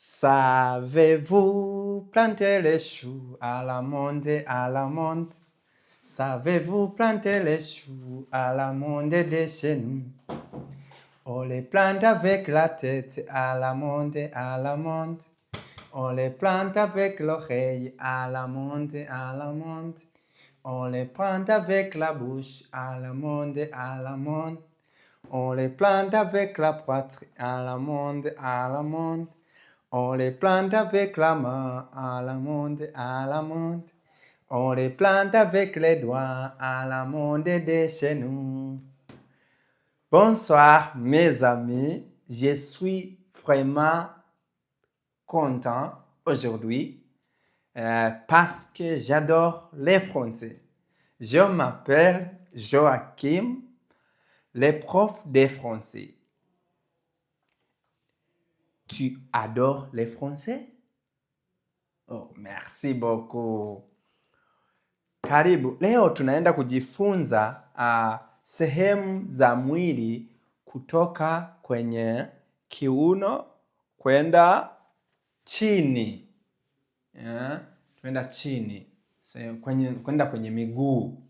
Savez-vous planter les choux à la monde à la monde Savez-vous planter les choux à la monde de chez nous On les plante avec la tête à la monde à la monde. On les plante avec l'oreille à la monde à la monde. On les plante avec la bouche à la monde à la monde. On les plante avec la poitrine à la monde à la monde. On les plante avec la main, à la monde, à la monde On les plante avec les doigts, à la monte de chez nous. Bonsoir mes amis, je suis vraiment content aujourd'hui euh, parce que j'adore les Français. Je m'appelle Joachim, le prof des Français. Tu adores les Français Oh, merci beaucoup. Karibu. Leo tunaenda kujifunza uh, sehemu za mwili kutoka kwenye kiuno kwenda chini. Yeah, tuenda chini. Kwenye, kwenda kwenye miguu.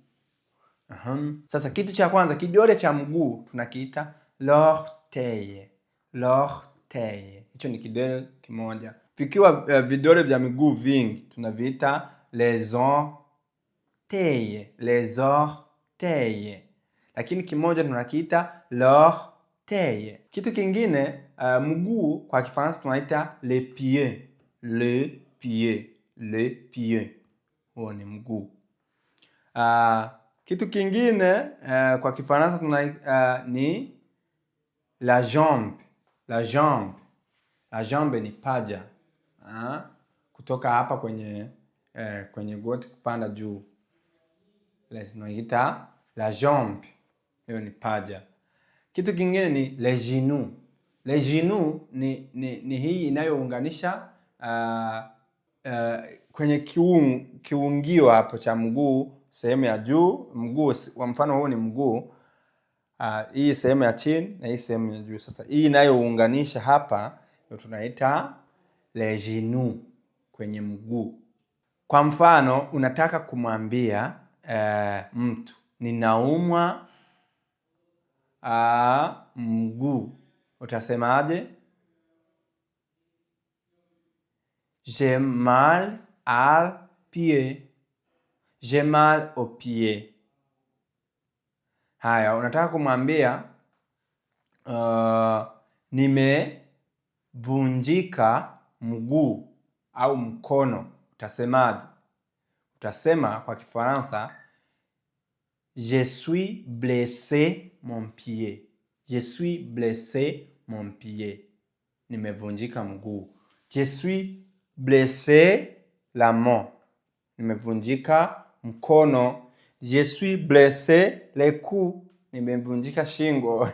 Uhum. Sasa kitu cha kwanza kidole cha mguu tunakiita l'orteil. L'orteil teye. Hicho ni kidole kimoja. Vikiwa uh, vidole vya miguu vingi tunaviita les orteils, les orteils, lakini kimoja tunakiita l'orteil. Kitu kingine uh, mguu kwa Kifaransa tunaita le pied, le pied, le pied. Huo ni mguu. Uh, kitu kingine uh, kwa Kifaransa tuna uh, ni la jambe la jambe. La jambe ni paja ha? Ah, kutoka hapa kwenye eh, kwenye goti kupanda juu tunaita la jambe, hiyo ni paja. Kitu kingine ni le genou. Le genou ni, ni, ni hii inayounganisha uh, uh, kwenye kiungio hapo cha mguu sehemu ya juu mguu. Kwa mfano huu ni mguu uh, hii sehemu ya chini na hii sehemu ya juu. Sasa hii inayounganisha hapa ndio tunaita lejinu kwenye mguu. Kwa mfano unataka kumwambia uh, mtu ninaumwa uh, mguu, utasemaje? J'ai mal al pied. J'ai mal au pied. Haya, unataka kumwambia uh, nimevunjika mguu au mkono, utasemaje? Utasema kwa Kifaransa je suis blessé mon pied, je suis blessé mon pied, nimevunjika mguu. Je suis blessé la main, nimevunjika mkono Je suis blesse le cou, nimevunjika shingo.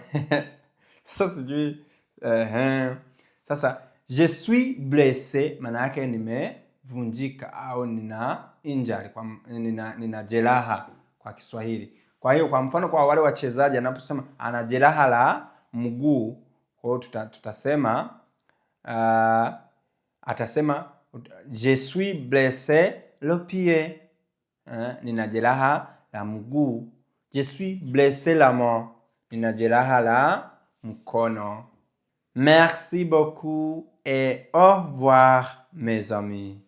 Sasa sijui uh -huh. Sasa je suis blesse maana yake nimevunjika au nina injari kwa nina, nina jeraha kwa Kiswahili. Kwa hiyo kwa mfano kwa wale wachezaji anaposema ana jeraha la mguu, kwa hiyo tuta, tutasema uh, atasema je suis blessé le pied Hein, nina la mguu. Je suis blessé la main. Nina la mkono. Merci beaucoup et au revoir mes amis.